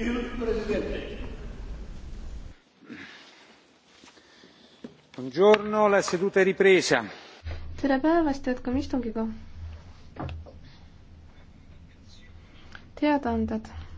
Il Presidente. Buongiorno, la seduta è ripresa. tere päevast, jätkame istungiga. teadaanded